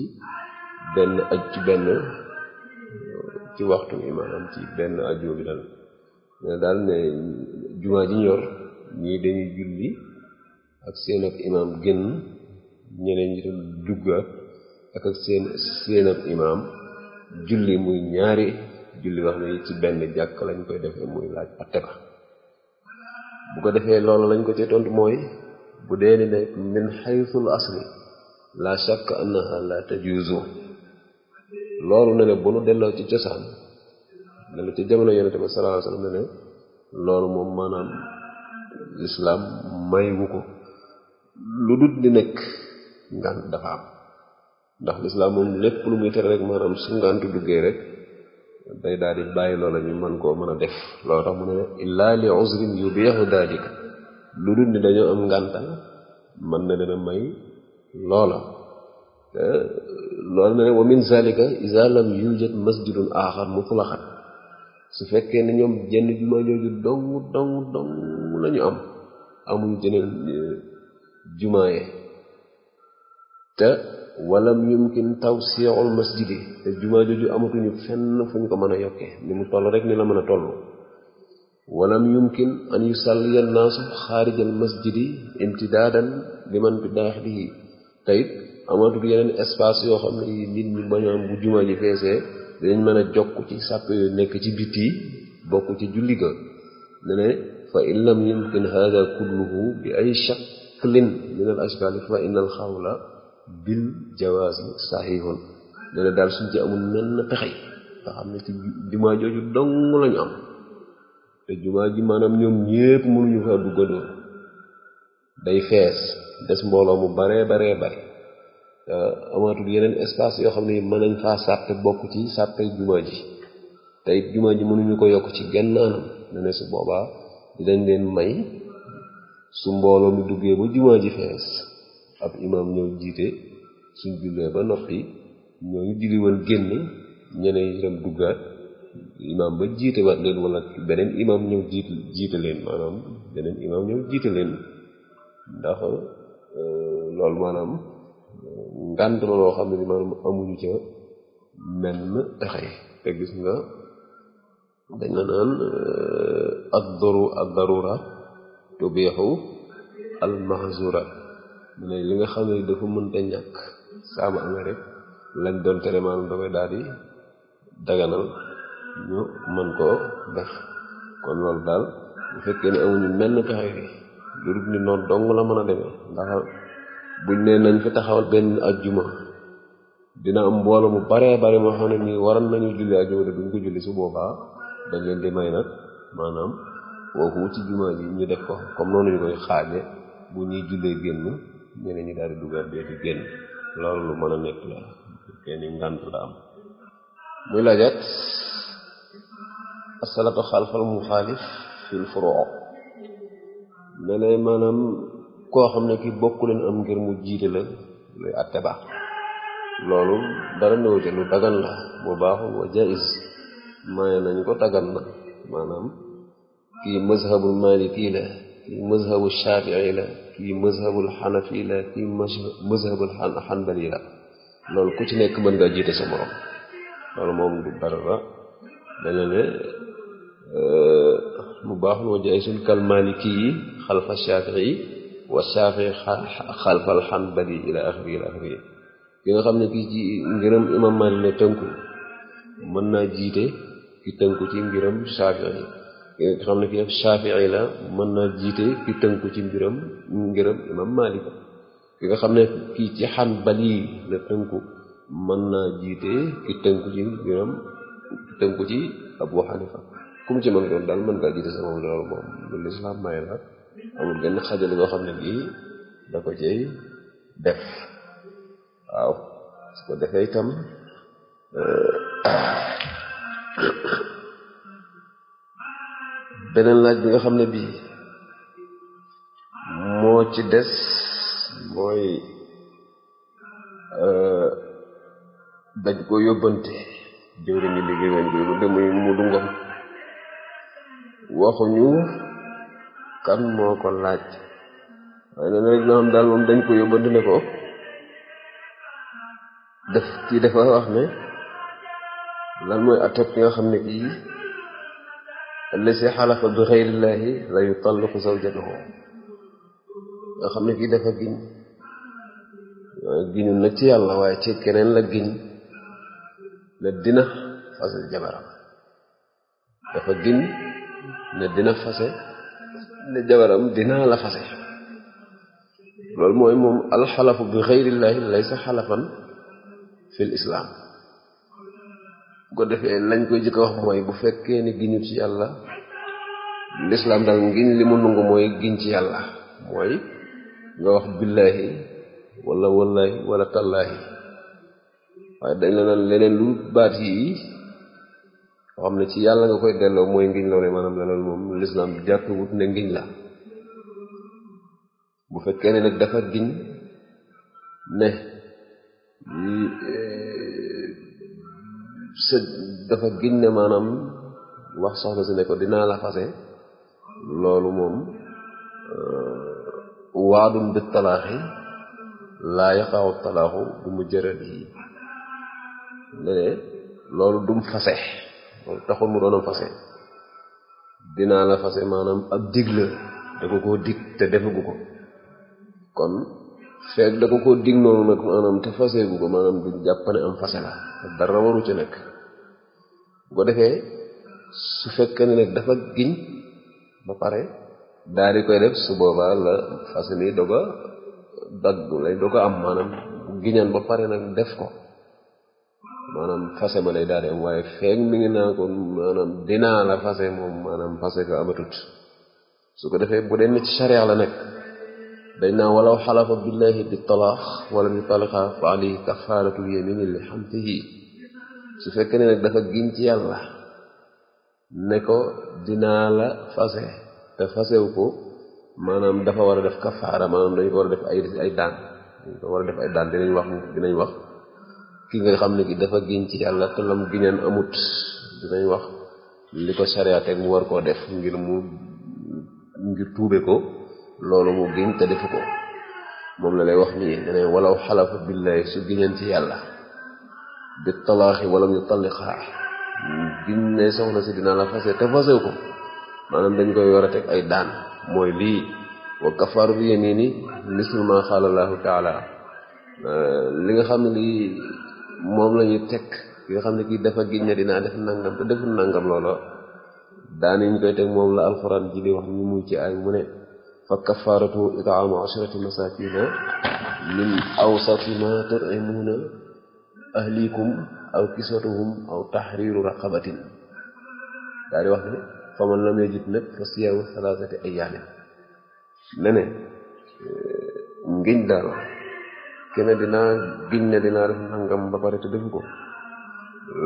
benn aj ci benn ci waxtu bi maanaam ci benn ajjuma bi daal ne daal ne jumaa ji ñor ñii dañuy julli ak seen ab imaam génn ñeneen ñi dugg ak ak seen seen imaam julli muy ñaari julli wax ne ci benn jàkk lañ koy defee muy laaj atte ba bu ko defee loolu lañ ko ci tontu mooy bu dee ni ne min xaysul asli la shakk annaha la tajuzu loolu ne ne bu nu delloo ci cosaan delloo ci jamono yonente bi sallallahu alayhi wasallam ne ne loolu moom maanaam lislaam maywu ko lu dut di nekk ngant dafa am ndax lislaam moom lépp lu muy tere rek maanaam su ngàntu duggee rek day daal di bàyyi loola ñu mën koo mën a def loolu tax mu ne illaa li uzrin yubiixu daalika lu dut ni dañoo am ngàntal mën na leen a may loola Euh, loolu na ne wa min zalika iza lam yujad masjidun axar mutlaqan su fekkee ne ñoom jenn jumaa jooju dong dong dong lañu am amuñu jeneen euh, jumaaye te walam yumkin tawsi'ul masjidi te jumaa jooju amatuñu fenn fu ñu ko mën a yokkee ni mu toll rek ni la mën a toll walam yumkin an yusalliya annaasu xaarijal masjidi imtidaadan liman bi daaxilihi tayit amatul yeneen espace yoo xam ne yi nit ñi mañoon bu juma ji feesee dinañ mën a jokk ci sàpp yooyu nekk ci biti bokk ci julli ga ne ne fa in lam yumkin hada kulluhu bi ay shaklin min al ashkali fa in xawla bil jawaasi sahihun ne ne daal suñ ci amul menn pexe nga xam ne jumaa jooju dong lañu am te jumaa ji maanaam ñoom ñépp mënuñu faa duggandoo day fees des mbooloo mu baree baree bare Euh, amaatul yeneen espace yoo xam ne mën nañ faa sàppe bokk ci sàppe juma ji te it ji mënuñu ko yokk ci genn anam ne su boobaa dañ leen may su mbooloo mu duggee ba juma ji fees ab imaam ñëw jiite suñ jullee ba noppi ñooñu julli woon génn ñeneen itam duggaat imaam ba jiite waat leen wala beneen imaam ñëw jiit jiite leen maanaam beneen imaam ñëw jiite leen ndax euh, loolu maanaam ngànt la loo xam ne ni maanaam amuñu ca menn pexe te gis nga dañ naan euh, ad daru ad darura tubiixu al mahzura ne li nga xam ne dafa mënta ñàkk saa bu amee rek lañ doon tere maanaam dafay daal di daganal ñu mën koo def kon loolu daal bu fekkee ne amuñu menn pexe bi lu dul ni noonu dong la mën a demee ndax buñ ne nañ fa taxawal benn ajjuma dina am mbooloo mu baree bare moo xam ne nii waroon nañu julli ajjuma te duñ ko julli su boobaa dañ leen di may nag maanaam kooku ci juma ji ñu def ko comme noonu ñu koy xaaje bu ñuy jullee génn ñeneen ñi daal di dugaat bee di génn loolu lu mën a nekk la kenn ngànt la am muy laajaat asalaatu xalfal muxaalif fil furoo ne ne maanaam koo xam ne ki bokk am ngir mu jiite la luy atte ba loolu dara néew ca lu dagan la bu baaxul wa jaiz maye nañ ko dagan na maanaam kii mazhabul maliki la kii mazhabul shafii la kii mazhabul xanafi la kii mazhabul xanbali loolu ku ci nekk mën nga jiite sa morom loolu moom du dara dana ne euh, mu baaxul wa jaisun kal maliki yi xalfa shafii wa saafi xalfal xanbali ila axiri ila axiri ki nga xam ne ki ci ngërëm imam Maalik ne tënku mën naa jiite ki tënku ci ngërëm saafi ki nga la mën naa jiite ki ci mbiram ngërëm imam Maalik ki nga xam ne kii ci xanbali la tënku mën naa jiite ki tënku ci mbiram ki tënku ci Abu Xanifa kum ci mën doon daal mën ngaa jiite sa moom loolu moom lislaam may la amul benn xajal boo xam ne bii da ko cay def waaw su ko defee euh, beneen laaj bi nga xam ne bii moo ci des mooy euh, dañ ko yóbbante jëwri ñi liggéey woon bi mu demuy mu dungam waxuñu kan moo ko laaj waaye nee na rek loo xam moom dañ ko yóbbante ne ko def kii dafa wax ne lan mooy atteb ki nga xam ne kii allasi xalafa bi xeyrillaahi la yutalliqu zawjatahu nga xam ne kii dafa giñ waaye giñul nag ci yàlla waaye ci keneen la giñ ne dina fase jabaram dafa giñ ne dina fase ne jabaram dinaa la fase loolu mooy moom alxalafu bi xeyrillahi laysa xalafan fil islaam bu ko defee lañ koy jëkk wax mooy bu fekkee ni giñu ci yàlla lislaam daal ngiñ li mu nangu mooy giñ ci yàlla mooy nga wax billaahi wala wallaahi wala tallaahi waaye dañ leneen lu baat yi nga xam ne ci yàlla nga koy delloo mooy ngiñ loolee maanaam la loolu moom lislaam jàppewut ne ngiñ la bu fekkee ne nag dafa giñ ne eh, sa dafa giñ ne wax soxla si ne ko dinaa la fase loolu moom eh, waadum bi talaaxi laa yaqaawu talaaxu du mu yi ne loolu dum fase loolu taxul mu doonam fase dinaa la fase maanaam ab dig da ko koo dig te defagu ko kon fekk da ko koo dig noonu nag maanaam te fase gu ko maanaam jàppane am fase la dara waru ci nekk bu ko defee su fekkee ne nag dafa giñ ba pare daal di koy def su boobaa la fase mi doga dagg lay doga am maanaam bu giñaan ba pare nag def ko maanaam fase ba lay daal di am waaye feeg mi ngi naa ko maanaam dinaa la fase moom maanaam fase ko amatut ko defee ci charia la nekk dañ naa walaw xalafa billahi bi talaax wala bi talqa fa alayhi kafaaratul yamini li xamtihi su fekkee ne nag dafa giñ ci yàlla ne ko dinaa la fase te fasew ko maanaam dafa war a def kafaara maanaam dañ ko war a def ay ay daan dañ ko war a def ay daan dinañ wax dinañ wax ki nga xam ne ki dafa giñ ci yàlla te lam giñeen amut dinañ wax li ko sariya teg mu war koo def ngir mu ngir tuube ko loolu mu giñ te defu ko moom la lay wax nii dene walaw xalafa billahi su giñeen ci yàlla bi talaaxi wala ñu talliqaa giñ ne soxna si dina la fase te fasew ko maanaam dañ koy war a teg ay daan mooy lii wa kafaaru bi yamini nisfu ma xaala allahu taala li nga xam ne lii moom la ñuy teg ki nga xam ne kii dafa giñ ne dinaa def nangam te deful nangam loola daanañ koy teg moom la alxuraan ji wax ñu muy ci ay mu ne fa kafaaratu itaamu asharati masakina min awsati ma tutimuuna ahlikum aw kiswatuhum aw tahriru raqabatin daal di wax ne faman lam yajid nag fa siyaamu salaasati ayaamin ne ne eh, ngiñ daal kenn dinaa giñ ne dinaa def nangam ba pare te defu ko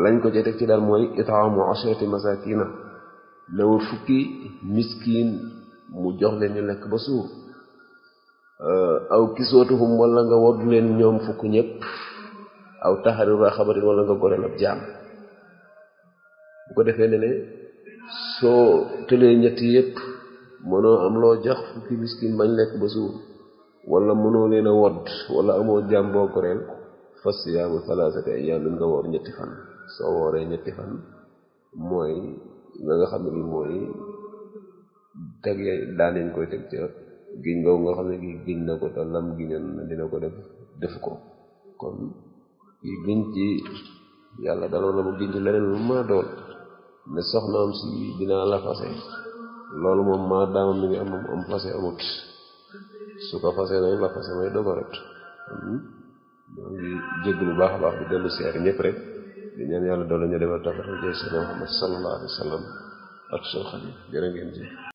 lañ ko cee teg ci daal mooy itaamu ashrati masakina na wut fukki miskin mu jox leen ñu lekk ba suur aw kisootuhum wala nga woddu leen ñoom fukk ñëpp aw taxariru raxabatin wala nga goreel ab jaam bu ko defee ne ne soo tëlee ñetti yëpp mënoo am loo jox fukki miskin bañ lekk ba suur wala mënoo leen wodd wala amoo jaam boo ko reel fa siyaamu salaasati ayyaam nga woor ñetti fan soo wooree ñetti fan mooy la nga xam ne bi mooy tege lam giñoon na dina ko def def ko kon ki giñ ci yàlla daloon na mu giñ ci leneen lu mën a doon ne soxnaam si dinaa la fase loolu moom maa daama mi ngi am am fase amut su ko fasee na la fase may dogo rek mhm. maa ngi jéggu bu baax a baax di dellu siyaar ñëpp rek di ñaan yàlla doole ñu defal taxaw jëy sa Muhammad sallallahu alayhi wa sallam ak seen xarit